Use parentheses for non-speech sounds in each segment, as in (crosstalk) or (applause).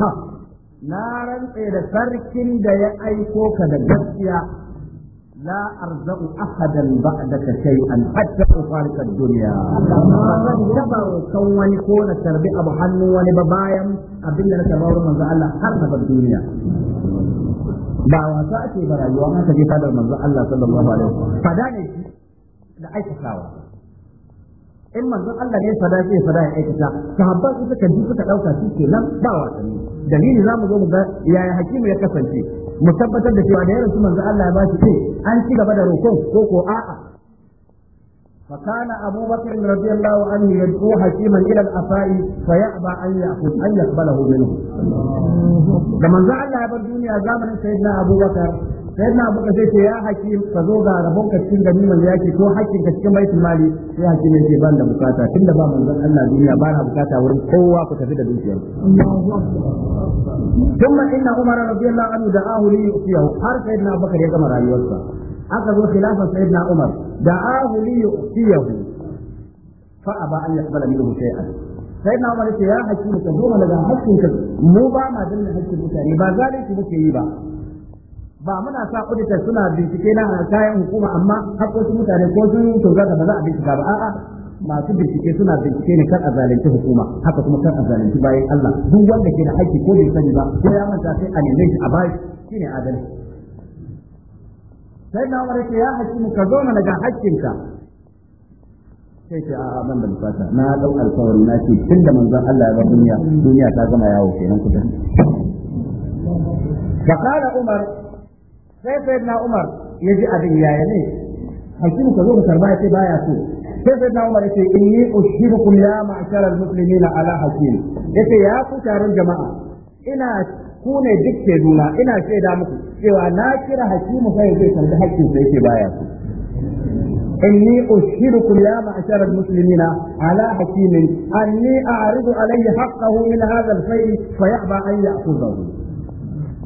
na rantse da sarkin da ya aiko ka da gaskiya la arzau ahadan ba'daka shay'an hatta ufarika ad-dunya zan taba kan wani ko na tarbi abu hannu wani ba bayan abin da na taba manzo Allah har na duniya ba wasa ake ba rayuwa an ka je fadar manzo Allah sallallahu alaihi wasallam fada ne da aikatawa in manzon Allah ne sada sai sada ya aikata sahabban su suka ji suka dauka su ke nan ba wasanni dalili zamu zo mu ga yaya hakimu ya kasance mu tabbatar da cewa da yaron su manzon Allah ya shi ce an ci gaba da roƙon ko ko a'a فكان أبو بكر رضي الله عنه يدعو حكيما إلى الأفاء فيأبى أن يأخذ أن يقبله منه لما زعل الله زمن سيدنا أبو بكر sai na abu sai ce ya hakim ka zo ga rabon ka cikin ganiman yaki ko hakkin ka cikin baitul mali sai hakim yake ban da bukata tunda ba manzon Allah duniya ba na bukata wurin kowa ku tafi da dukiyar thumma inna umar radiyallahu anhu da'ahu li yusiyahu har sai na ya gama rayuwarsa aka zo khilafan sayyidina umar da'ahu li yusiyahu fa aba an yaqbala minhu shay'an sai na umar ya hakim ka zo mana da hakkin ka mu ba ma danna mutane ba muke yi ba ba muna sa auditor suna bincike na kayan hukuma amma hakkokin mutane ko sun tozarta ba za a bincika ba a'a masu bincike suna bincike ne kan a zalunci hukuma haka kuma kan a bayan Allah duk wanda ke da haƙƙi ko bai sani ba ko ya manta sai a neme shi a bayi shine adalci sai na ke ya mu ka zo mana ga haƙƙinka sai ce a'a ban da bukata na dau alƙawari na ce tunda manzon Allah ya bar duniya duniya ta gama yawo kenan kudan فقال عمر sai sai na umar ya ji abin yaya ne hakim ka zo ka karba ya ce baya so sai sai na umar ya ce inni ushirukum ya ma'shar al-muslimina ala hakim ya ce ya ku taron jama'a ina ku ne duk ke nuna ina shaida muku cewa na kira hakimu sai zai karbi hakkin sai yake baya so إني أشهدكم يا معشر المسلمين على حكيم أني أعرض عليه حقه من هذا الفيء فيأبى أن يأخذه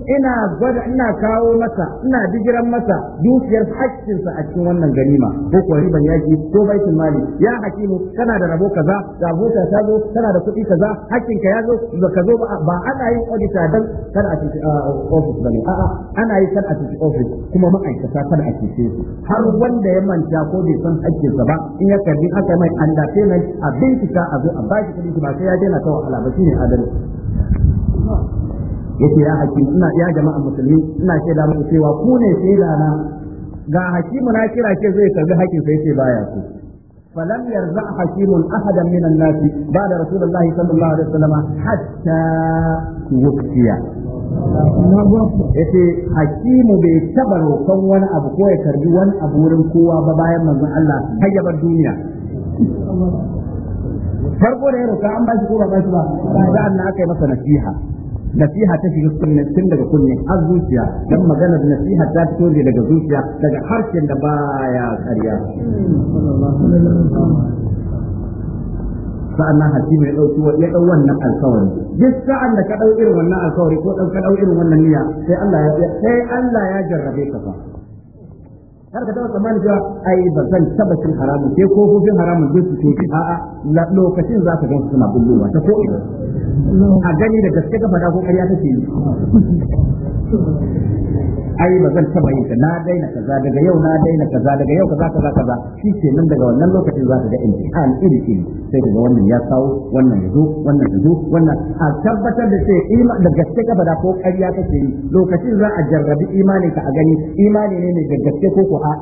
ina gwada ina kawo masa ina digiran masa dukiyar haƙƙinsa a cikin wannan ganima ko kuwa riban yaki ko baitul mali ya hakimu kana da rabo kaza ga bota ta zo kana da kuɗi kaza haƙƙinka ya zo ba ka zo ba ana yin audita dan kada a cikin office bane a'a ana yi kada a cikin office kuma ma'aikata kada a cikin su har wanda ya manta ko bai san haƙƙinsa ba in ya karbi aka mai underpayment a bincika a zo a bashi kuɗi ba sai ya daina kawo wahala ne shine adalci yace ya hakim ina ya jama'a musulmi ina ce da muku cewa ku ne shaida na ga hakimu na kira ce zai karbi hakin sai ce baya ku فلم يرزع حكيم احدا من الناس بعد رسول sallallahu alaihi الله عليه وسلم حتى توفي yace hakimu bai taba rokon wani abu ko ya karbi wani abu wurin kowa ba bayan manzon Allah har ya bar duniya farko da ya roƙa an ba shi ko ba ba shi ba sa'an na aka yi masa nasiha nasiha ta shiga kunne daga kunne har zuciya dan maganar nasiha ta fito ne daga zuciya daga harshen da baya ƙarya sa'annan hakimu ya dauki ya dau wannan alƙawari, duk sa'an da ka dau irin wannan alƙawari ko ka dau irin wannan niyya sai Allah ya sai Allah ya jarrabe ka fa kar ka taɓa tsammani cewa ai ba zan taba cin haramun sai kofofin haramun zai su tofi a'a lokacin za ka gansu suna ba ta ko'ina a gani da gaske ka faɗa ko karya take yi ai ba zan taba yin ka na daina kaza daga yau na daina kaza daga yau kaza kaza kaza shi ce nan daga wannan lokacin za ka ga imtihan iri iri sai daga wannan ya kawo wannan yazo wannan yazo wannan a tabbatar da sai ima da gaske ka bada ko ƙarya kake yi lokacin za a jarrabi imanin ka a gani imani ne ne da gaske ko ko a'a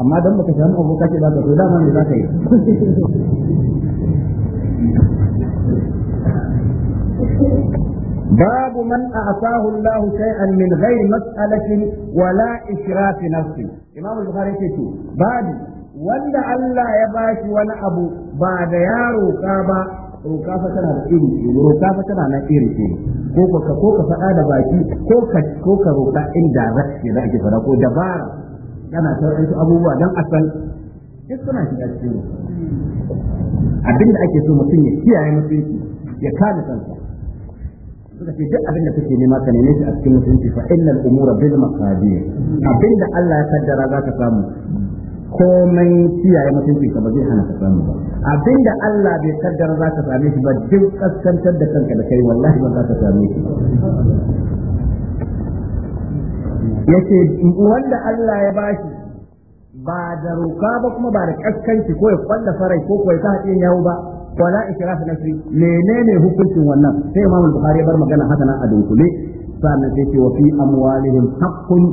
amma dan baka san abu kace ba ka da dama ne za ka yi (laughs) باب من أعطاه الله شيئا من غير مسألة ولا إشراف نفسه إمام البخاري يقول بابي wanda Allah ya bashi wani abu ba da ya roƙa ba roƙa tana da iri ce roƙa na iri ce ko ka da baki ko ka ko ka roƙa zaki da dabara yana sauran abubuwa dan asal duk suna shiga cikin roƙa abinda ake so mutum ya kiyaye mutunci ya kare kansa suka ce duk abin da kake nema ka neme shi a cikin mutunci fa innal umura bil maqadir abinda Allah ya kaddara zaka samu komai kiyaye mutunci ka ba zai hana ka samu ba abinda Allah bai kaddara zaka same shi ba duk kaskantar da kanka da kai wallahi ba za ka same shi yace wanda Allah ya bashi ba da roka ba kuma ba da kaskanci ko ya kwalla farai ko ko ya sa yawo ba wala ikrah nafsi menene hukuncin wannan sai Imam Bukhari bar magana haka nan a dunkule sannan sai ce wa fi amwalihim haqqun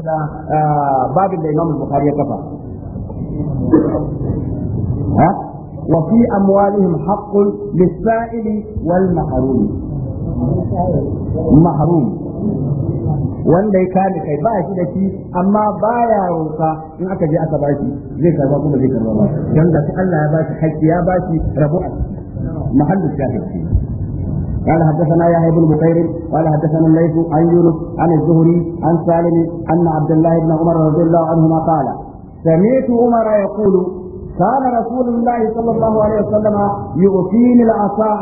da ah, babin da Imam Bukhari ya kafa ha wa fi amwalihim haqqun lis-sa'ili wal mahrum mahrum wanda ya kame kai ba shi da shi amma baya roƙa in aka je aka bashi zai karba kuma zai karba ba dan da Allah ya bashi haƙƙi ya bashi rabu a mahallu shahid قال حدثنا يحيى بن بكير قال حدثنا الليث عن يونس عن الزهري عن سالم ان عبد الله بن عمر رضي الله عنهما قال سمعت عمر يقول كان رسول الله صلى الله عليه وسلم يؤتيني العصا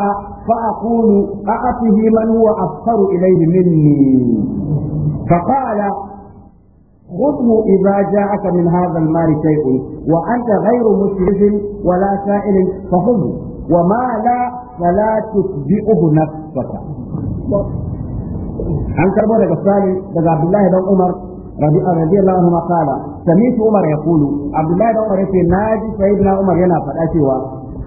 فاقول اعطه من هو اكثر اليه مني فقال خذه إذا جاءك من هذا المال شيء وأنت غير مسرف ولا سائل فخذه وما لا فلا تتبعه نفسك عن كربو daga Salim daga Abdullahi dan Umar radiyallahu anhu qala sami'tu Umar yaqulu Abdullahi dan Umar yace naji sayyidina Umar yana faɗa cewa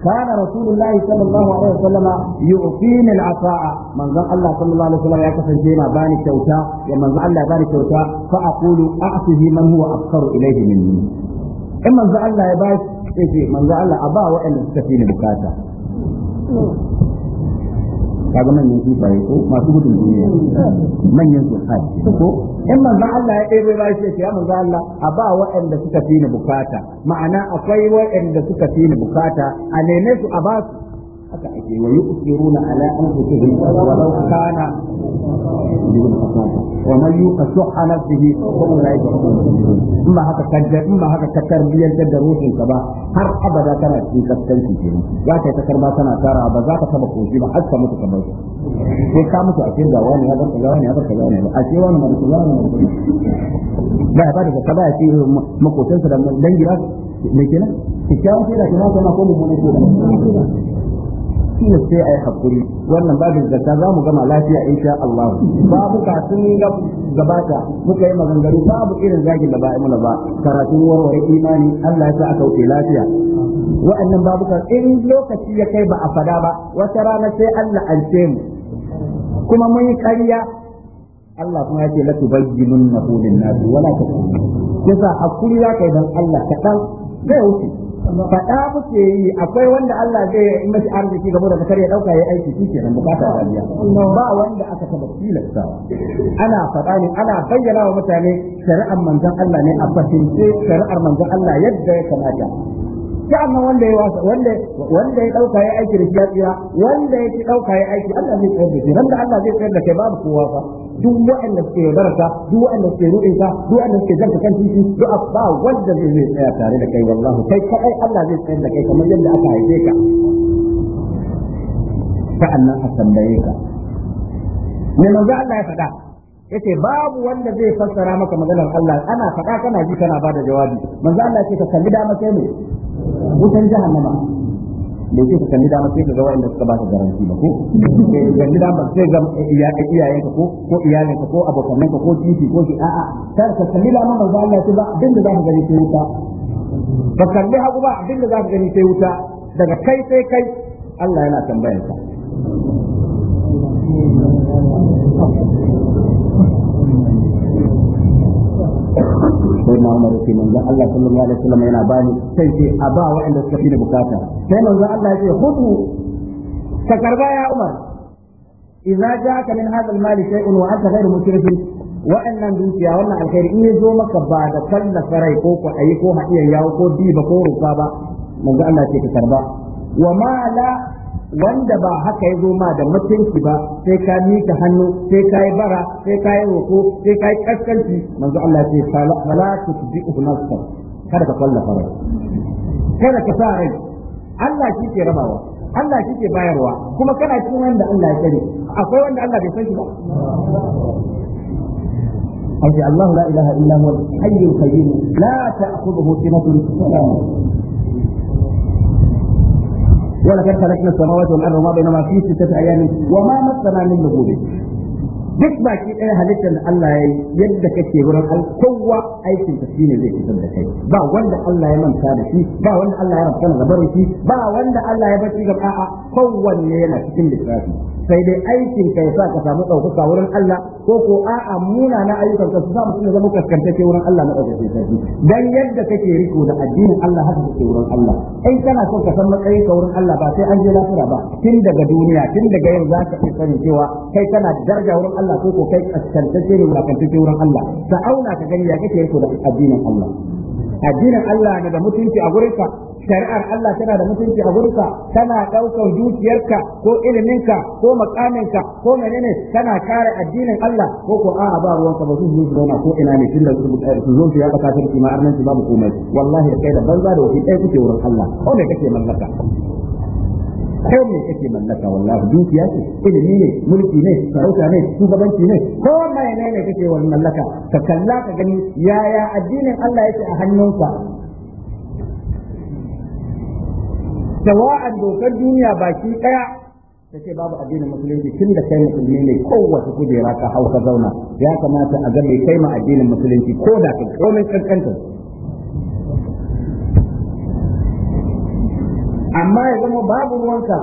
كان رسول الله صلى الله عليه وسلم يعطيني العطاء من ذا الله صلى الله عليه وسلم يكفن جينا باني كوتا ومن ذا الله باني كوتا فأقول أعطه من هو أفقر إليه مني إما ذا الله يباش إيه من ذا الله أبا وإن تفيني بكاتا kaga manyan kifaye ko masu gudun duniya manyan su ko in manzo Allah ya ɗebe ba shi ya manzo Allah a ba waɗanda suka fi ni bukata ma'ana akwai waɗanda suka fi ni bukata a neme su a ba su haka ake wa yuqsiruna ala anfusihim kana wa man nafsihi fa ulaika amma haka kadda amma haka da ruhin ka ba har abada kana cikin kaskanci za ka kana tara ba za ka taba koshi ba har ka mutu kamar sai ka mutu a cikin da wani ya barka wani ya barka a cikin wani ba da ka ba makotansa da kenan kikkiawan sai da ko ne ko nasiha sai ai hakuri wannan babu zakka za mu gama lafiya insha Allah ba babu ka sun gabata muka yi maganganu babu irin zagin da ba a muna ba karatun warware imani Allah ya sa aka wuce lafiya wa'annan babu ka in lokaci ya kai ba a fada ba wata rana sai Allah alce mu kuma mun yi ƙarya Allah kuma ya ce la tubayyinun nahu lin nas wala takun yasa hakuri za ka yi dan Allah kaɗan zai wuce faɗa muke yi akwai wanda Allah zai yi mashi arziki gaba da kar ya dauka yayi aiki shi kenan bukata ta ba wanda aka taba tilasta ana faɗa ne ana bayyana wa mutane shari'ar manzon Allah ne a fahimce shari'ar manzon Allah yadda ya kamata sa'annan wanda ya wasa wanda wanda ya dauka ya aiki da jiya, wanda ya dauka ya aiki Allah zai tsayar da shi nan da Allah zai tsayar da kai babu kowa fa duk waɗanda suke daraka, duk waɗanda suke ruɗinka, ka duk waɗanda suke janka kan titi duk abba wanda zai zai tsaya tare da kai wallahi kai kai Allah zai tsayar da kai kamar yadda aka haife ka sa'annan a tambaye ka me manzo Allah ya faɗa yace babu wanda zai fassara maka maganar Allah ana faɗa kana ji kana bada jawabi manzo Allah ya ce ka kalli dama sai ne wutan jahannama da ke ka kalli dama sai ka ga wanda suka ba ta garanti ba ko kalli ba sai ga iyayen ka ko ko iyalin ka ko abokanan ka ko titi ko shi a'a kar ka kalli dama ba Allah ya ba abin da za ka gani sai wuta ba kalli hagu ba abin da za ka gani sai wuta daga kai sai kai Allah yana tambayar ka sai na umar yake manzo Allah sallallahu alaihi wasallam yana bani sai ce a ba waɗanda suka fi da bukata sai manzo Allah ya ce hudu ka karba ya umar idza ja'aka min hadha al-mal shay'un wa anta ghayru musrif wa'annan dukiya wannan alkhairi in zo maka ba da kallafa rai ko ko ayi ko hadiya yawo ko diba ko ruka ba manzo Allah ce ka karba wa ma la wanda ba haka ya zo ma da mutunci ba sai ka mika hannu sai ka yi bara sai ka yi roko sai ka yi kaskanci manzo Allah ya ce fala tusbihu nafsa kada ka kalla fara kada ka sa rai Allah shi ke rabawa Allah shi ke bayarwa kuma kana cikin wanda Allah ya sani akwai wanda Allah bai san shi ba أي الله لا إله إلا هو الحي القيوم لا تأخذه سنة ولا نوم ولقد خلقنا السماوات والارض وما بينهما في سته ايام وما مسنا من لغوبه duk baki ɗaya halittar da Allah ya yi yadda kake wurin kowa aikin ka shine zai fitar da kai ba wanda Allah ya manta da shi ba wanda Allah ya rafkana da barin shi ba wanda Allah ya barci gaba a kowanne yana cikin lissafi sai dai aikin ka sa ka samu ɗaukaka wurin Allah ko ko a'a muna na ayyukan ka su sa mutum zama kaskantacce wurin Allah na ɗaukacin sarki dan yadda kake riko da addinin Allah haka kake wurin Allah in kana son ka san matsayin ka wurin Allah ba sai an je lafiya ba tun daga duniya tun daga yau za ka fi sani cewa kai kana daraja wurin Allah Allah ko ko kai kaskantacce ne wulakantacce wurin Allah ka auna ka gani ya kake yako da addinin Allah addinin Allah na da mutunci a gurinka shari'ar Allah tana da mutunci a gurinka tana ɗaukar dukiyarka ko iliminka ko makaminka ko menene tana kare addinin Allah ko ko a'a ba ruwanka ba su zo zauna ko ina ne tunda su su zo su ma arnan babu komai wallahi da kai da banza da wani ɗaya kuke wurin Allah ko da kake mallaka ko me kake mallaka wallahi dukiya ce ilimi ne mulki ne sarauta ne shugabanci ne ko mai ne ne kake wani mallaka ka kalla ka gani yaya addinin Allah yake a hannunka sawa'an dokar duniya baki daya ta ce babu addinin musulunci tun da kai musulmi ne kowace kujera ka hau zauna ya kamata a ga mai kai ma addinin musulunci ko da kai komai kankanta amma ya zama babu ruwanka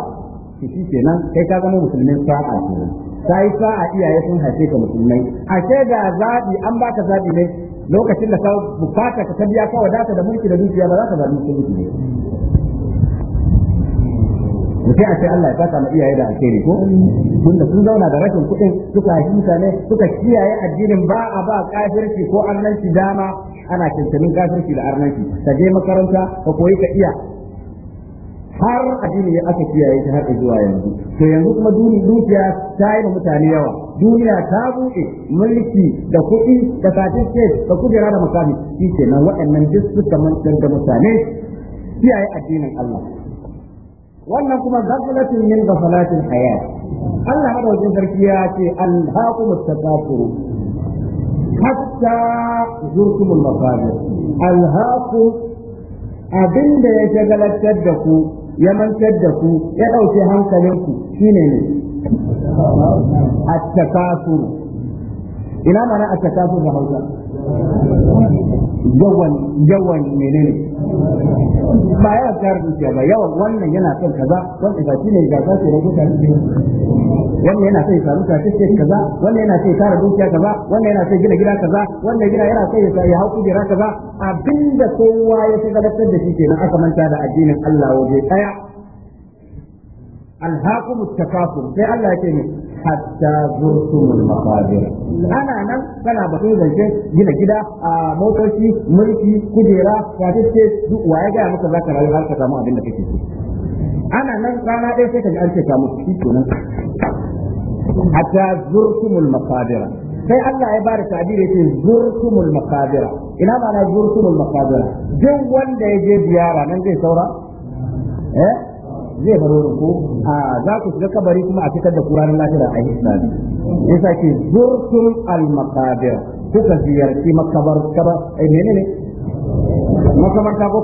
shi kenan kai ka zama musulmin sa'a kenan sai sa'a iyaye sun haife ka musulmai ashe da zabi an baka zabi ne lokacin da ka bukata ka biya ka wadata da mulki da dukiya ba za ka zabi musulunci ne mutai a ce Allah ya saka ma iyaye da alheri ko tunda sun zauna da rashin kuɗin suka haifi mutane suka kiyaye addinin ba a ba kafirci ko annanci dama ana kintamin kafirci da arnanci ka je makaranta ka koyi ka iya har addini ya aka kiyaye ta har zuwa yanzu to yanzu kuma dukiya ta yi mutane yawa duniya ta buɗe mulki da kuɗi da certificate da kujera da makami shi kenan waɗannan duk suka mantar da mutane kiyaye addinin Allah wannan kuma gafalatin min gafalatin hayat Allah wajen sarki ya ce alhaqu mutakafuru hatta zurtumul mafajir alhaqu abinda ya shagalantar da ku ya mantar da ku ya ɗauke hankalinku shine ne A takasur ina mana a takasur da Hausa yawan yawan menene ba ya tsar dukiya ba yawan wannan yana son kaza wannan shi shine ga za su rage wannan yana sai samu certificate kaza wannan yana sai tara dukiya kaza wannan yana sai gina gida kaza wannan gida yana sai ya hau kujera kaza abinda kowa ya shagalatar da shi kenan aka manta da addinin Allah waje daya alhaqu takasur sai Allah yake ne hatta zurtumul maqabir ana nan kana ba sai zance gina gida a motoci mulki kujera certificate duk waye ga maka zaka rayu har ka samu abinda da kake so ana nan rana ɗaya sai ka ji an ce ka mutu shi kenan hatta zurtumul maqabira sai Allah ya bada tabiri yace zurtumul maqabira ina ma na zurtumul maqabira duk wanda ya je ziyara nan zai saura eh zai baro ku a za ku shiga kabari kuma a fitar da kuranin lafiya a hisabi yasa ke zurtum al maqabir kuka ziyarci makabar kabar eh menene makabarta ko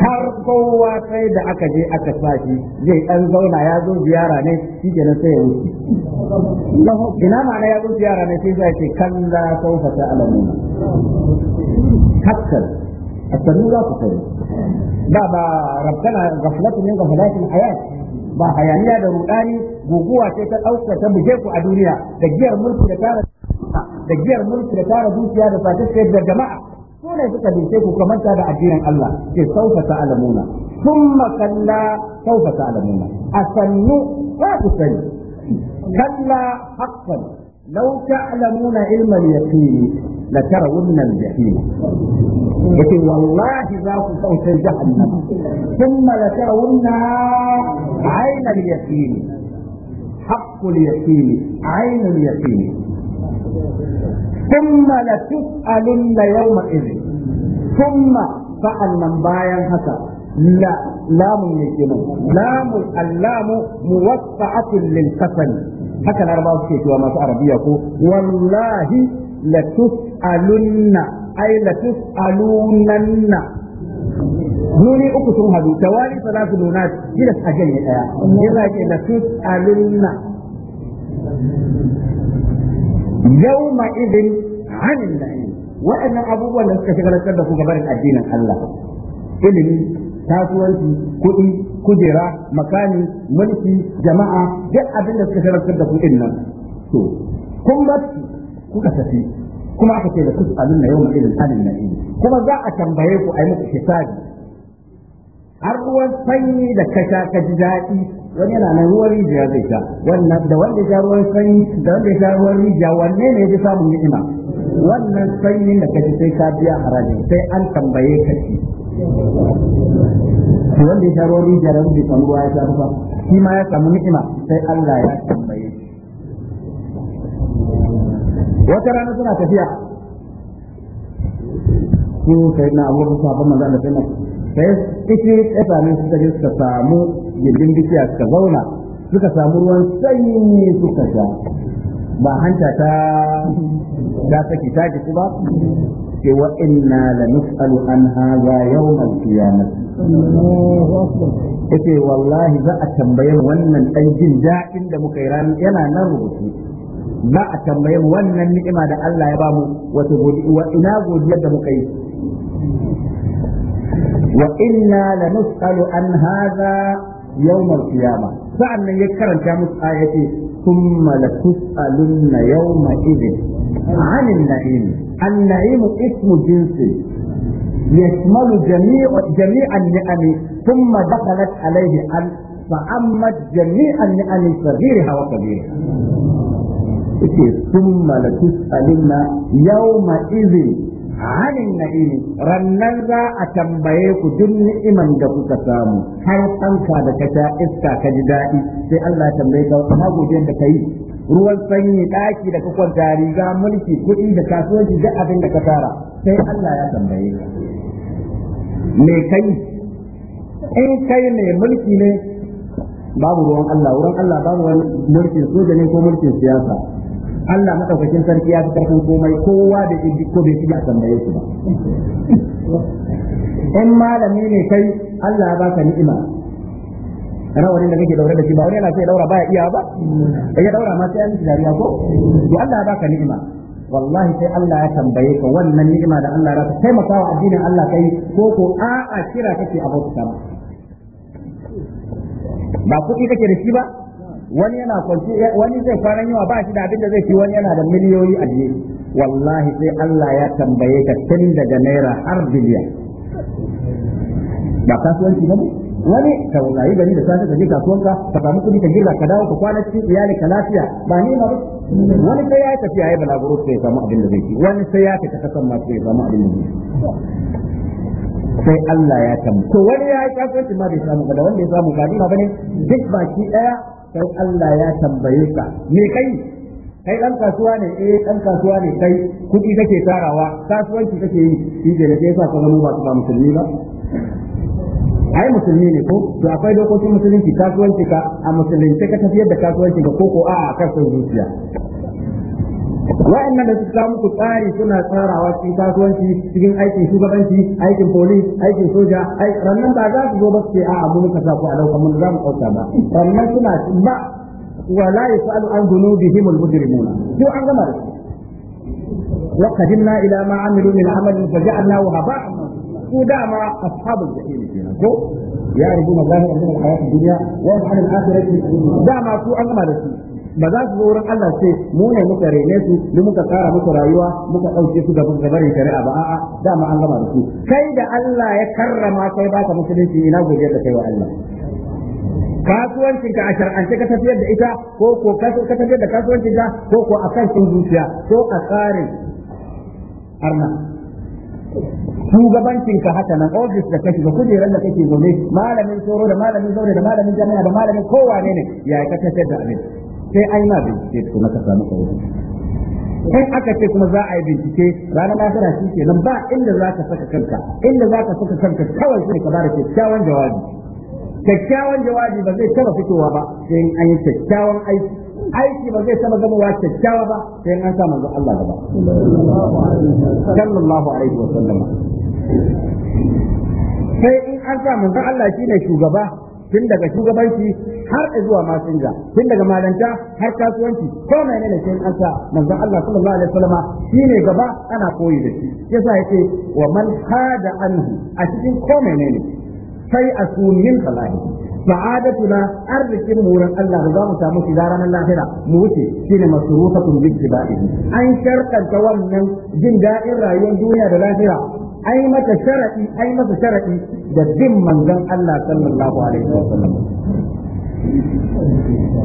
har kowa sai da aka je aka sashi zai dan zauna ya zo ziyara ne shi ke sai ya wuce ina ma'ana ya zo ziyara ne sai zai ce kalla saufa ta alamu hakkar a sanu za ku kai. ba ba rabtana gaflatu min gaflatin hayat ba hayaniya da rudani guguwa ce ta ɗauka ta buge ku a duniya da giyar mulki da tara da giyar mulki da tara dukiya da sace da jama'a ko ne suka dace ku kamar da addinin Allah ke sauka ta alamuna thumma kalla sauka ta alamuna asannu ba ku sani kalla haqqan law ta'lamuna ilma al-yaqin la tarawunna al-jahim yake wallahi za ku sauka jahannam thumma la tarawunna 'ayna al-yaqin haqqul yaqin 'ayna al-yaqin ثم لتسألن يومئذ ثم فأنا بايا هكا لا لام الجنون لام اللام موسعة للقسم هكذا أربعة شيء وما عربية والله لتسألن أي لتسألونن nuni uku sun hadu tawali salatu dunat gidas ajali daya yana ce da tus'alunna yawma idin anil na'im wa'annan abubuwan da suka shagalantar da ku gabarin addinin Allah ilimi kasuwanci kuɗi kujera makami mulki jama'a duk abin da suka shagalantar da ku din nan kun ba kuka tafi kuma aka ce da tus'alun na yawma idin anil na'im kuma za a tambaye ku ai muku hisabi har ruwan sanyi da kasha ka ji daɗi wani yana nan ruwan rijiya zai sha wannan da wanda ya sha ruwan sanyi da wanda ya sha ruwan rijiya wanne ne ya samu samun ni'ima wannan sanyin da kaji sai ka biya haraji sai an tambaye ka shi to wanda ya sha ruwan rijiya da wanda ya samu ruwa ya sha ruwa shi ma ya samu ni'ima sai Allah ya tambaye wata rana suna tafiya ko sai na abubuwa sabon manzo Allah sai sai kike kasane suka je suka samu gindin suka zauna suka samu ruwan sanyi suka sha ba hanta ta ta saki ta ji ba ke wa inna la nus'alu an hadha yawm al-qiyamah yace wallahi za a tambaye wannan dan jin daɗin da muka yi ran yana nan rubutu za a tambaye wannan ni'ima da Allah ya bamu wato ina godiyar da muka yi وإنا لنسأل عن هذا يوم القيامة فأنا يكرم كامس آيتي ثم لتسألن يومئذ عن النعيم النعيم اسم جنسي يشمل جميع جميع النعم ثم دخلت عليه أن فعمت جميع النعم صغيرها وكبيرها إيه، ثم لتسألن يومئذ halin na'imi rannan za a tambaye ku duk ni'iman da kuka samu har tsanka da ka sha iska ka ji daɗi sai Allah tambaye ka ma gobe da ka yi ruwan sanyi ɗaki da ka tari, riga mulki kuɗi da kasuwanci da abin da ka tara sai Allah ya tambaye ka me kai in kai ne mulki ne babu ruwan Allah wurin Allah babu wani mulkin soja ne ko mulkin siyasa Allah madaukakin sarki ya fi karfin komai kowa da ibi ko bai shiga tambaye shi ba in malami ne kai Allah ya baka ni'ima wani da kake daure da shi ba wani yana sai daura baya iya ba ya daura ma sai an ji dariya ko to Allah ya baka ni'ima wallahi sai Allah ya tambaye ka wannan ni'ima da Allah ya baka taimakawa addinin Allah kai ko ko a'a kira kake abota ba kuɗi kake da shi ba wani yana kwanci eh, wani zai kwana yawa ba shi da abin da zai ci wani yana da miliyoyi a jiye wallahi sai Allah ya tambaye ka tun daga naira har biliyan ba kasuwanci ba ne wani ka wallahi gari da safe ka je kasuwanka ka samu kudi ka girka ka dawo ka kwana cikin iyali ka lafiya ba ni ba wani sai ya a yi balaguro sai ya samu abin da zai ci wani sai ya fita kasan ma sai ya samu abin da zai ci sai Allah ya tambaye to wani ya yi kasuwanci ma bai samu kada wanda ya samu ba ni ba ne duk baki daya sai Allah ya tambaye ka me kai kai dan kasuwa ne eh dan kasuwa ne kai kuɗi kake tarawa kasuwanci kake yi shi da ya sa ka zama ba musulmi ba ai musulmi ne ko to akwai dokokin musulunci kasuwanci ka a musulunci ka tafiyar da kasuwanci ka ko ko a'a kan zuciya wa'annan da su samu muku tsari suna tsarawa cikin kasuwanci cikin aikin shugabanci aikin polis aikin soja rannan ba za su zo ba su ce a'a mun ka sa ku a daukar mun za mu kauta ba rannan suna ba wala yasalu an dhunubihim al-mujrimuna duk an gama da shi وقدمنا إلى ما عملوا من عمل فجعلناه هباء ودعم أصحاب الجحيم ko ya rubu na zahir a cikin a duniya wa an al-akhirati dama ku an gama da su ba za su zo wurin Allah ce mu ne muka rene su mu muka kara musu rayuwa muka dauke su gaban gabarin shari'a ba a'a dama an gama da su kai da Allah ya karrama kai baka musulunci ina godiya da kai wa Allah kasuwancinka a shar'ance ka tafiyar da ita ko ko ka tafiyar da kasuwancinka ko ko a kan zuciya ko a tsarin arna ka haka nan ofis da kake da kujerar da kake zaune malamin tsoro da malamin zaure da malamin jami'a da malamin ne ne ya ka tafiyar da abin sai ai na bincike to na ka samu kawo Sai aka ce kuma za a yi bincike ranar lafiya shi ke nan ba inda za ka saka kanka inda za ka saka kanka kawai shi ne ka bada kyakkyawan jawabi kyakkyawan jawabi ba zai taba fitowa ba sai in an yi kyakkyawan aiki aiki ba zai taba zama kyakkyawa ba sai in an sa manzon Allah gaba sallallahu alaihi wa sallama sai in an sa manzon Allah shine shugaba tun daga shugabanci har zuwa masinja tun daga malanta har kasuwanci ko mai ne sai an sa manzon Allah sallallahu alaihi wasallam shine gaba ana koyi da shi yasa yake wa man hada anhu a cikin ko ne sai min Sa'adatu sa'adatuna arzikin wurin Allah da za mu samu shiga ranar lahira mu wuce shine masrufatun bi tibai an ta wannan jin daɗin rayuwar duniya da lafiya ai mata sharadi ai mata sharadi da bin manzon Allah sallallahu alaihi wasallam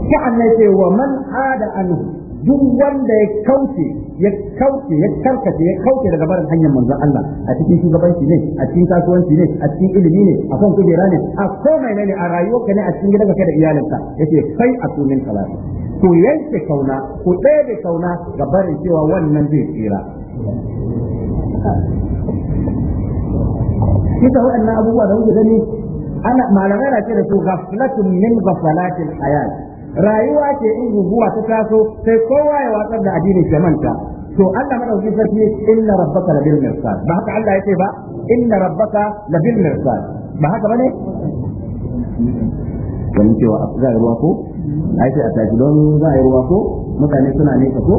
sa'an ne wa man ada anhu duk wanda ya kauce ya kauce ya karkace ya kauce daga barin hanyar manzon Allah a cikin shugabanci ne a cikin kasuwanci ne a cikin ilimi ne a kan kujera ne a komai ne a rayuwarka ne a cikin gidanka kai da iyalinka yace sai a sunan salatu. ku yanke kauna ku ɗebe kauna ga barin cewa wannan zai tsira kisa waɗannan abubuwa da kuke gani ana malamai na ce da su ghaflatun min ghaflatil hayat rayuwa ce in guguwa ta taso sai kowa ya watsar da addinin shi manta to Allah madauki sarki inna rabbaka labil mirsad ba haka Allah yake ba inna rabbaka labil mirsad ba haka bane ganin cewa a za ruwa ko a yi a tafi don za a yi ruwa ko mutane suna nesa ko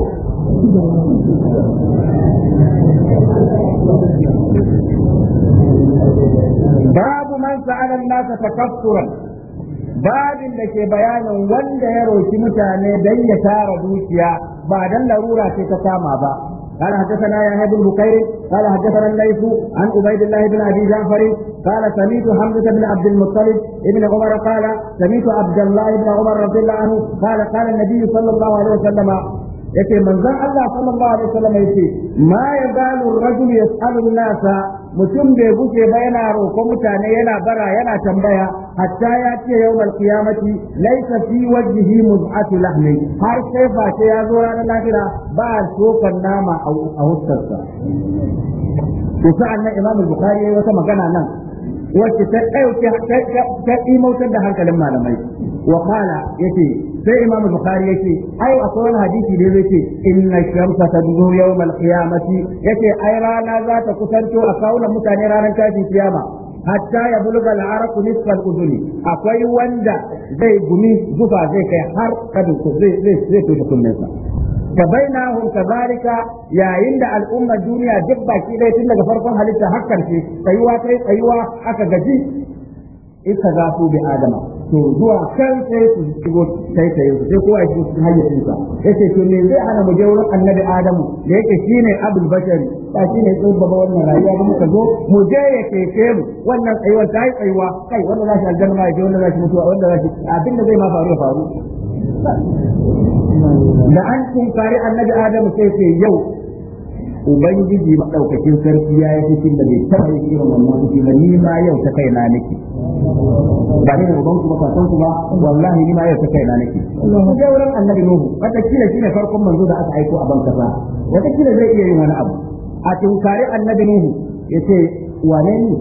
babu man sa'ala nasa takaffuran babin da ke bayanin wanda ya roki mutane dan ya tara dukiya ba dan larura ce ta kama ba قال حدثنا يحيى بن بكير قال حدثنا الليث عن عبيد الله بن ابي جعفر قال سميت حمزه بن عبد المطلب ابن عمر قال سميت عبد الله بن عمر رضي الله عنه قال قال النبي صلى الله عليه وسلم yake manzon Allah sallallahu alaihi wasallam yace ma yazalu ar-rajul yas'alu an-nasa mutum bai buke ba yana roƙon mutane yana bara yana tambaya hatta ya ce yau mal kiyamati laisa fi wajhihi muz'atu lahmi har sai ba sai ya zo ranar lahira ba sokan nama a hussarsa to sa'an nan imam bukhari yayi wata magana nan wacce ta ɗauke ta da hankalin malamai wa qala yace sai imamu bukari yake ai akwai wani hadisi da yake inna shamsa tadhu yawm al-qiyamati yake ai rana za ta kusanto a kauna mutane ranar tashin kiyama hatta ya bulga al-arq nisfa al akwai wanda zai gumi zufa zai kai har kadin zai zai zai fito kunnen sa ka baina hum kadhalika yayin da al duniya duk baki dai tun daga farkon halitta har karshe tsayuwa tsayuwa aka gaji ita za bi adama to zuwa kan sai su shigo sai sai su sai kowa shi su hayyacin sa yace to me zai hana mu je wurin annabi adamu da yake shine abul bashari ta shine tsohon wannan rayuwa ba muka zo mu je ya keke mu wannan tsayuwar ta yi tsayuwa kai wannan za shi aljanna ma ya wannan za shi mutuwa wannan za shi abin da zai ma faru ya faru da an tunkari annabi adamu sai sai yau ubangiji madaukakin sarki ya yi cikin da bai taba yi irin wannan kuki ba ni ma yau ta kai na nake ba ne uban ku ba san ku ba wallahi ni ma yau ta kai na nake ku ga wurin annabi nuhu wata kila shine farkon manzo da aka aiko a ban kasa wata kila zai iya yin wani abu a tunkari annabi nuhu yace wane ni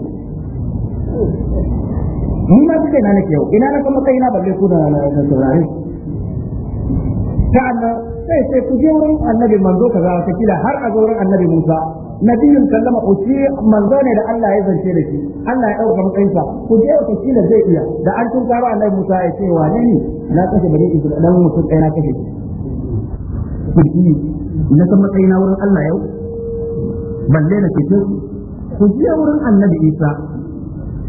ni ma ta kai na nake yau ina na kuma kai na balle ku da na saurare sa'annan sai sai ku je wurin annabi manzo kaza wata kila har a ga wurin annabi Musa nabiyin sallama ku ci manzo ne da Allah ya zance da shi Allah ya dauka insa ku je ku kila zai iya da an tun karo annabi Musa ya ce wa ne na kashe in Isra'ila dan mutum kai na kashe shi na san matsayina wurin Allah yau balle na kace ku je wurin annabi Isa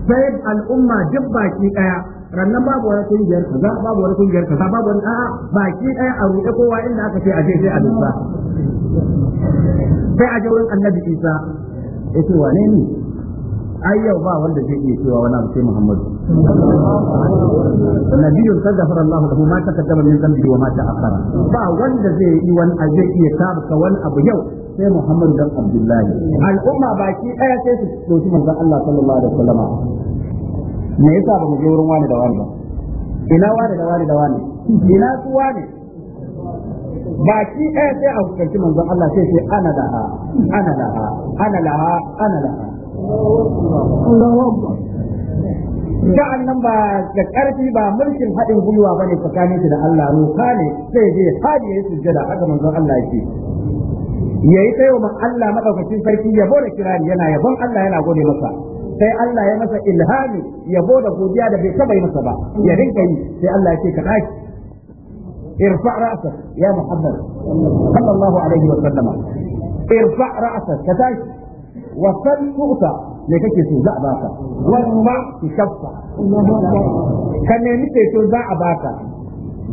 sai al'umma duk ki ɗaya rannan babu wani kungiyar kaza babu wani kungiyar kaza babu wani a'a baki ɗaya a ruɗe kowa inda aka ce a je sai a dusa sai a je wurin annabi isa ce wane ne ai yau ba wanda zai iya cewa wani abu sai muhammadu nabiyun kan gafara Allah lahu ta taqaddama min dhanbihi wa ma ta'akhkhara ba wanda zai yi wani zai iya tabka wani abu yau sai Muhammadu dan Abdullahi al'umma baki ɗaya sai su doki manzon Allah sallallahu alaihi wasallam me yasa ba mu je wurin wani da wani ba ina wani da wani da wani ina su wani ki ɗaya sai a fuskanci manzon Allah sai sai ana ha ana ha ana ha ana laha Da nan ba da ƙarfi ba mulkin haɗin gwiwa ba ne tsakanin da Allah roka ne sai dai hadi ya yi sujjada haka manzon Allah yake yayi tsayo man Allah madaukakin sarki yabo da kirani yana yabon Allah yana gode masa sai Allah ya masa ilhami ya da godiya da bai taba yi masa ba ya rinka yi sai Allah ya ce ka daki irfa ra'sak ya Muhammad sallallahu alaihi wa sallama irfa ra'sak ka tashi wa salluta me kake so za a baka ki shaffa ka nemi ceto za a baka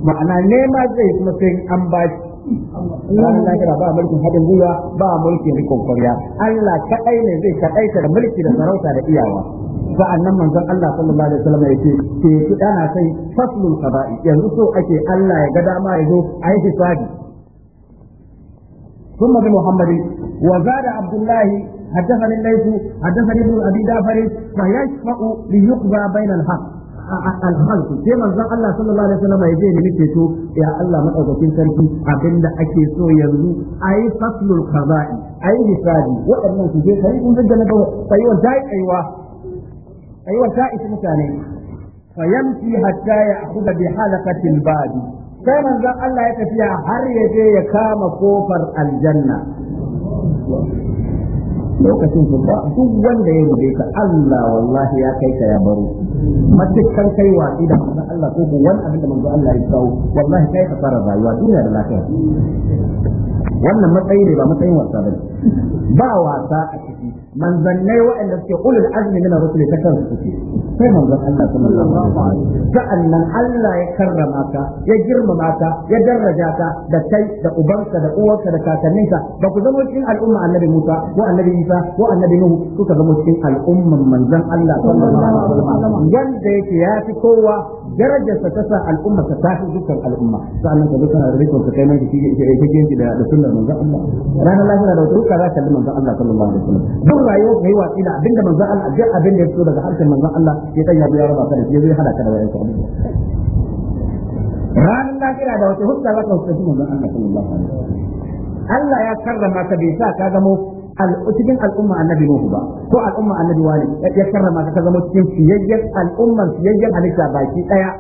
ma'ana nema zai kuma sai an bashi Allah ya ba mulkin haɗin gwiwa ba mulkin rikon kwarya Allah kaɗai ne zai kaɗaita da mulki da sarauta da iyawa sa'annan manzon Allah sallallahu alaihi wasallam ya ce ke ki dana sai faslul qaba'i yanzu so ake Allah ya ga dama ya zo a yi hisabi ثم بمحمد وزاد عبد الله حدثني الليث حدثني ابن ابي دافر فيشفع ليقضى بين الحق al-khalq sai manzon Allah sallallahu alaihi wasallam ya je ne muke to ya Allah sarki abinda ake so yanzu ayi faslul qada'i ayi hisabi waɗannan su je kai kun da na ga tsayuwar dai aiwa aiwar ta mutane hatta ya akhudha bi sai manzon Allah ya tafiya har ya je ya kama kofar aljanna lokacin su ba duk wanda ya rube ka Allah wallahi ya kai ka ya baro matukan kai wa da manzo Allah ko wani abin da manzo Allah ya kawo wallahi kai ka fara rayuwa duniya da lafiya wannan matsayi ne ba matsayin wasa bane ba wasa manzannai waɗanda suke ulul azmi min ar-rusul ka san su sai manzon Allah sallallahu alaihi wasallam sa'annan Allah ya karrama ka ya girmama ka ya daraja ka da kai da ubanka da uwarka da kakanninka ba ku zama cikin al'umma annabi Musa ko annabi Isa ko annabi Nuhu kuka zama cikin al'umman manzon Allah sallallahu alaihi wasallam yanda yake ya fi kowa darajarsa ta sa al'umma ta tafi dukkan al'umma sa'annan ka duka rikon ka kai nan shi da sunnar manzon Allah ranar lafiya da wata ruka za ka manzon Allah sallallahu alaihi wasallam tsawon rayuwar kai watsi da abinda manzon Allah duk abinda ya fito daga harshen manzon Allah ya tsaya ya raba ka da shi zai hada ka da wayansu abubuwa ranar lafiya da wata hujja za ka hujjaci manzon Allah sallallahu alaihi wasallam Allah ya karrama ka bai sa ka zamo cikin al'umma annabi Nuhu ba ko al'umma annabi wani ya karrama ka ka zama cikin fiyayyen al'umman fiyayyen halitta baki daya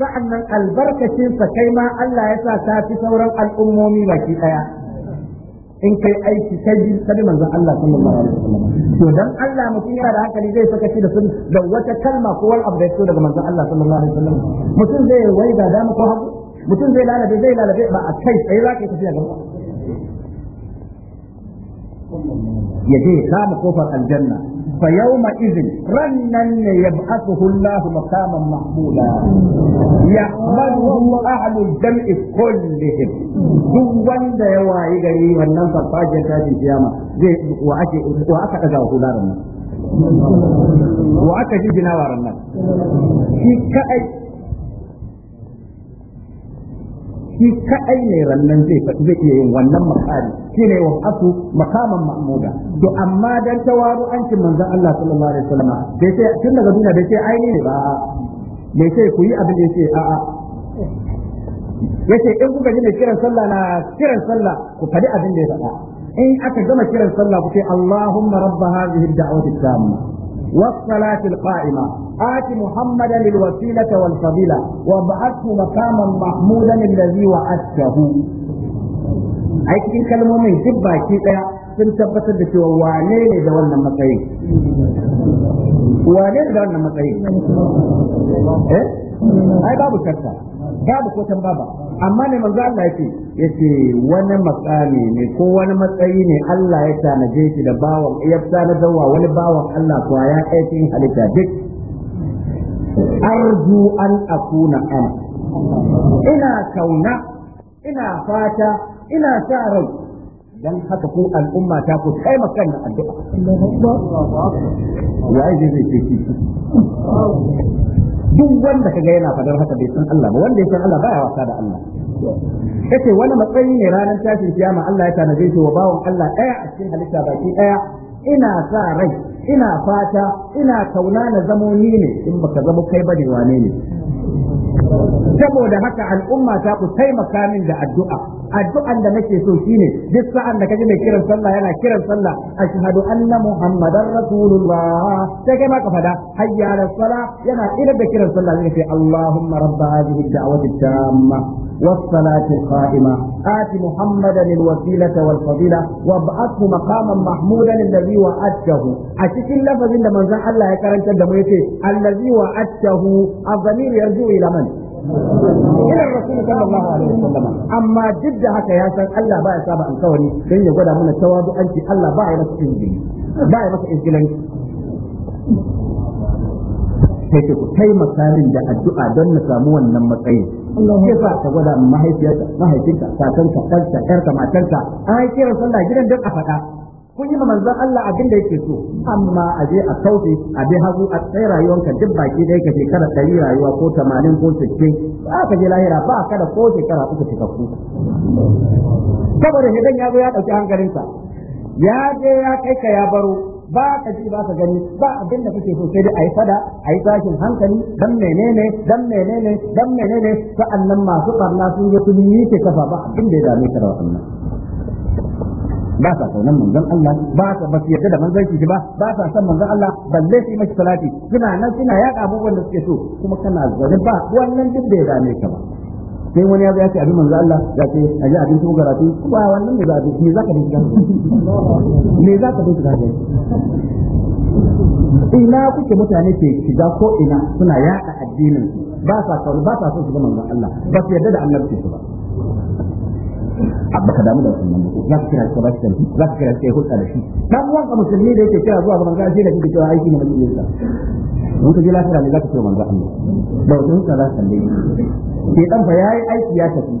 sa'annan albarkacin sa kai ma Allah ya sa ta fi sauran al'ummomi baki daya in kai aiki kai ji sai manzon Allah sallallahu alaihi wasallam to dan Allah mutum yana da hankali zai saka shi da sun da wata kalma ko wani abu da ya daga manzon Allah sallallahu alaihi wasallam mutum zai wai da dama ko hagu mutum zai lalabe zai lalabe ba a kai tsaye za ka yi tafiya gaba ya je kama kofar aljanna fa yawma idhin rannan ne yab'athuhu Allah maqaman mahmuda ya'malu ahlu al-jam'i kullihim duk wanda ya wayi gari wannan farfajiyar tashin kiyama zai wa wa aka daga nan wa aka shi kai shi kaɗai ne rannan zai zai iya yin wannan makari? makami ne wa asu makaman mahmuda to amma dan tawaru an cin manzon Allah sallallahu alaihi wasallam bai ce tun daga duniya bai ce aini ne ba bai ce ku yi abin da yake a'a yace in kuka ji mai kiran sallah na kiran sallah ku faɗi abin da ya faɗa in aka gama kiran sallah ku ce Allahumma rabb hadhihi ad-da'wati tamma والصلاة القائمة آت محمدا الوسيلة والفضيلة وابعثه مقاما محمودا الذي وعدته ai cikin kalmomin duk baki daya sun tabbatar da cewa wane ne da wannan matsayi wane ne da wannan matsayi amma ne manzo Allah yake yace wani matsami ne ko wani matsayi ne Allah ya tanaje shi da bawan ya tanaje wa wani bawan Allah ko ya aikin halitta duk arju an akuna an ina kauna ina fata ina sa rai dan haka ku al'umma ta ku kai makan addu'a ya yi zai ce duk wanda kaga yana fadar haka bai san Allah ba wanda ya san Allah baya wasa da Allah kace wani matsayi ne ranar tashin kiyama Allah ya tanaje shi wa bawon Allah daya a cikin halitta baki daya ina sa rai ina fata ina kauna na zamo ni ne in baka zamo kai ba ne wane ne saboda haka al'umma ta ku taimaka min da addu'a addu'an da nake so shine duk sa'an da ji mai kiran sallah yana kiran sallah ashhadu anna muhammadar rasulullah sai kai ma ka fada hayya ala sala yana idar da kiran sallah zai ce allahumma rabb hadhihi ad-da'wati tamma والصلاة القائمة آت محمدا الوسيلة والفضيلة وابعثه مقاما محمودا الذي وعدته أشكي da mu زعل الله يكرن تدميته الذي وعدته الضمير يرجع إلى من؟ ila rasul sallallahu alaihi wasallam amma duk da haka ya san Allah baya saba alkawari dan ya gwada mana tawadu an ce Allah baya masa injili ya masa injilanci sai ce ku taimaka min da addu'a don na samu wannan matsayi ke sa ka gwada mahaifiyarka mahaifinka kakanka ɗanka ƴarka matarka an kira sallah gidan duk a faɗa kun yi manzon Allah abin da yake so amma a je a sauke a bi hagu a tsaye rayuwanka duk baki ɗaya ka shekara ɗari rayuwa ko tamanin ko sittin ba ka je lahira ba ka da ko shekara uku cikakku saboda shedan ya zo ya ɗauki hankalinsa ya je ya kai ka ya baro ba ka ji ba ka gani ba abin da kake so sai dai ayi fada ayi tashin hankali dan menene dan menene dan menene sa'annan masu barna sun je sun yi ke kafa ba abin da ya dame ka da wannan ba sa nan manzon Allah ba sa ba yarda da manzon shi ba ba sa san manzon Allah balle su mashi salati suna nan suna yaƙa abubuwan da suke so kuma kana zaune ba wannan duk bai dame ka ba sai wani ya ce abin manzon Allah ya ce a ji abin tuka karatu kuma wannan ne za ka me za ka bincika me za ka bincika ina kuke mutane ke shiga ko ina suna yaƙa addinin ba sa ba sa son shiga manzon Allah ba su yarda da annabci ba abba ka damu da sunan ba za ka kira ka ba shi tanti za ka kira ka hulɗa da shi dan uwan ka musulmi da yake kira zuwa ga manzo Allah da kike cewa aiki ne mai yin sa mun ka je lafiya ne za ka ce manzo Allah da wannan ka za ka kalle shi ke dan fa yayi aiki ya tafi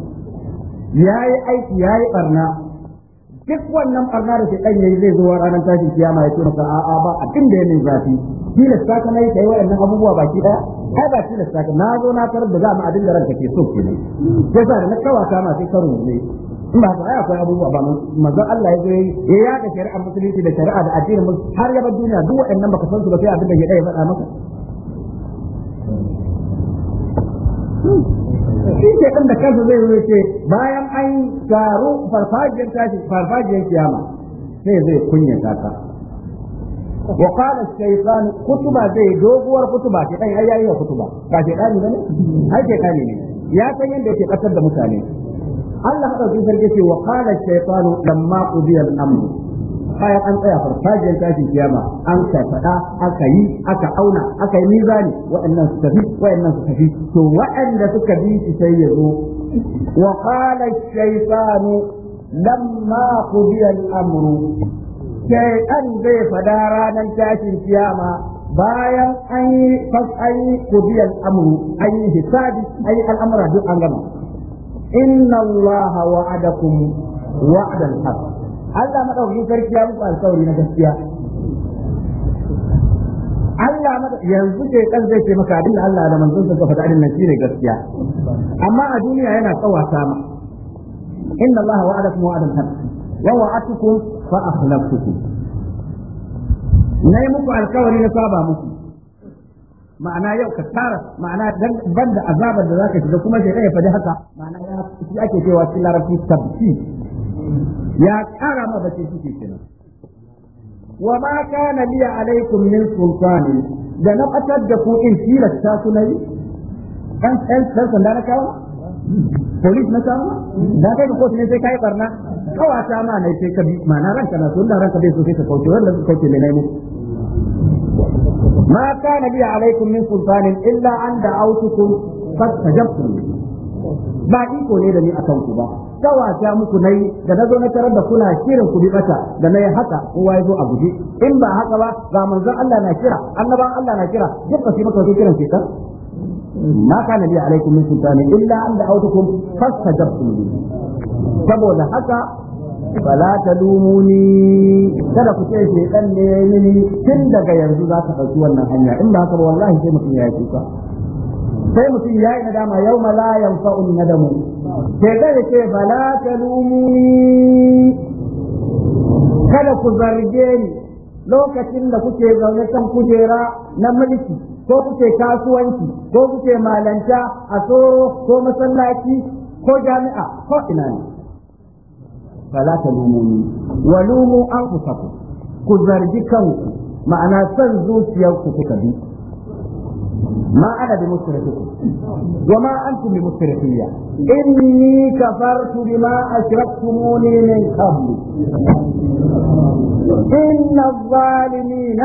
yayi aiki yayi barna duk wannan barna da shaitan yayi zai zo ranar tashin kiyama ya ce maka a'a ba abin da ya mai zafi tilasta ka nayi kai waɗannan abubuwa baki daya kai ba tilasta ka na zo na tarar da za mu abin da ranka ke so kenan yasa da na kawata ma sai karu ne in ba haka akwai abubuwa ba manzon Allah ya zai ya yada shari'ar musulunci da shari'a da addinin har ya bar duniya duk waɗannan baka san su ba sai abin da ya faɗa maka shi ke ɗan da kansa zai zo ce bayan an taru farfajiyar tashi farfajiyar kiyama sai zai kunyata ta wa qala shaytan kutuba zai doguwar kutuba ke kai ai yayi kutuba ka ke dani ne ai ke dani ne ya san yadda yake kasar da mutane Allah hada zai sarki ce wa qala shaytan lamma qudiya al-amr bayan an tsaya farfajiyar tashin kiyama an ka faɗa aka yi aka auna aka yi mizani waɗannan su tafi waɗannan su tafi to waɗanda suka bi su sai ya zo wa qala shaytanu lamma qudiya al-amru shaytan zai faɗa ranar tashin kiyama bayan an yi an yi kudiyar amru an yi hisabi an yi al'amura duk an gama inna allaha wa'adakum wa'dal haqq Allah madaukakin sarki ya muku alkawari na gaskiya Allah mada yanzu ke kan zai ce maka abin da Allah da manzon sa faɗa din nan shine gaskiya amma a duniya yana tsawata ma inna Allah wa'adakum wa'adan haq wa wa'atukum fa akhlaftukum nayi muku alkawari na saba muku ma'ana yau ka tara ma'ana ban da azabar da zaka shiga kuma sai ya faɗi haka ma'ana ya shi ake cewa cikin larabci tabti ya ƙara ma bace shi kenan wa ma kana liya alaikum min sultani da na fatar da ku in tilasta ku nayi kan kan sanda na kawo police na kawo? da kai ko ne sai kai barna kawa ta ma ne sai ka bi mana ranka na da ranka bai so sai ka kauce wannan kauce ne nayi ما كان لي عليكم من سلطان إلا أن دعوتكم فاستجبتم ba iko ne da ni a ba ta muku nayi da na zo na tarar da kuna shirin ku bi bata da yi haka kowa ya zo a guji in ba haka ba ga manzon Allah na kira annaban Allah na kira duk ba sai maka wani kiran ke ma kana bi alaikum min sultani illa an da da'awtukum fastajabtum li saboda haka fala talumuni kada ku ce shedan ne mini tun daga yanzu za ka dauki wannan hanya in ba haka ba wallahi sai mutum ya yi kuka sai mutum ya yi nadama yau ma fa’un na damu. Ke kai ce bala talumuni kada ku zarge ni lokacin da kuke zaune kan kujera na mulki ko kuke kasuwanci ko kuke malanta a tsoro ko masallaci ko jami'a ko ina ne fala talumuni wa lumu an ku zargi kanku ma'ana san zuciyarku kuka biyu ما أنا بمشرككم وما أنتم بمشركية إني كفرت بما أشركتموني من قبل إن الظالمين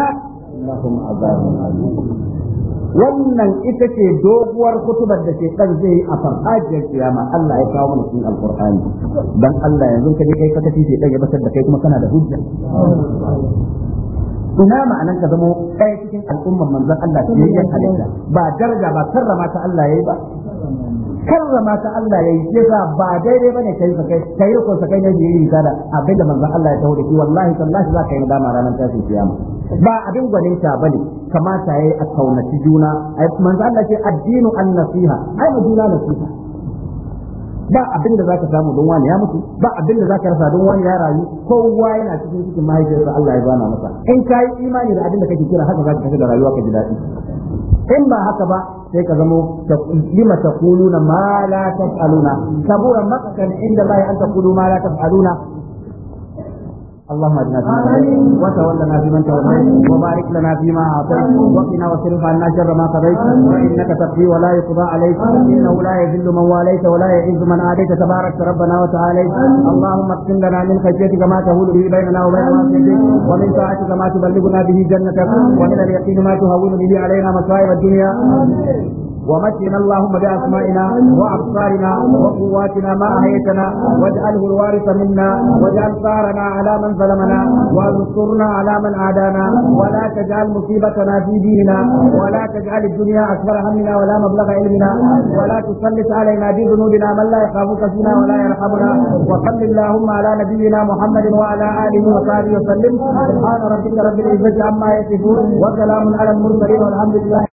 لهم عذاب أليم wannan ita ce doguwar kutubar da shekar zai yi a farfajiyar kiyama Allah ya kawo mana cikin alkur'ani dan Allah yanzu ka je kai ka tafi sai ya da kai kuma kana da hujja ina ma'anan ka zama ɗaya cikin al'umman manzon Allah fiyayyen halitta ba daraja ba karrama ta Allah yayi ba karrama ta Allah yayi sai ba daidai bane kai ka kai kai ko sa kai ne yayi abinda manzon Allah ya taho da shi wallahi tallahi za ka yi nadama ranar tashin kiyama ba abin gwanin ta bane kamata yayi a kaunaci juna manzon Allah ce addinu an nasiha ai juna nasiha ba abin da zaka samu don wani ya mutu ba abin da zaka rasa don wani ya rayu kowa yana cikin cikin mahaifiyarsa Allah ya bana masa in kai imani da abin da kake kira haka zaka tafi da rayuwa ka ji daɗi in ba haka ba sai ka zamo lima taquluna ma la taf'aluna kabura maqtan inda Allah an taqulu ma la taf'aluna اللهم اجعلنا في من وتولنا في من توليت وبارك لنا فيما اعطيت وقنا واصرف عنا شر ما قضيت فانك تقضي ولا يقضى عليك انه لا يذل من واليت ولا يعز من عاديت تبارك ربنا وتعاليت اللهم اقسم لنا من خشيتك ما تهول به بيننا وبين معصيتك ومن طاعتك ما تبلغنا به جنتك ومن اليقين ما تهون به علينا مصائب الدنيا ومكن اللهم بأسمائنا وأبصارنا وقواتنا ما أحيتنا واجعله الوارث منا واجعل ثارنا على من ظلمنا وانصرنا على من عادانا ولا تجعل مصيبتنا في ديننا ولا تجعل الدنيا أكبر همنا ولا مبلغ علمنا ولا تسلط علينا بذنوبنا من لا يخافك فينا ولا يرحمنا وصل اللهم على نبينا محمد وعلى آله وصحبه وسلم سبحان ربك رب العزة عما يصفون وسلام على المرسلين والحمد لله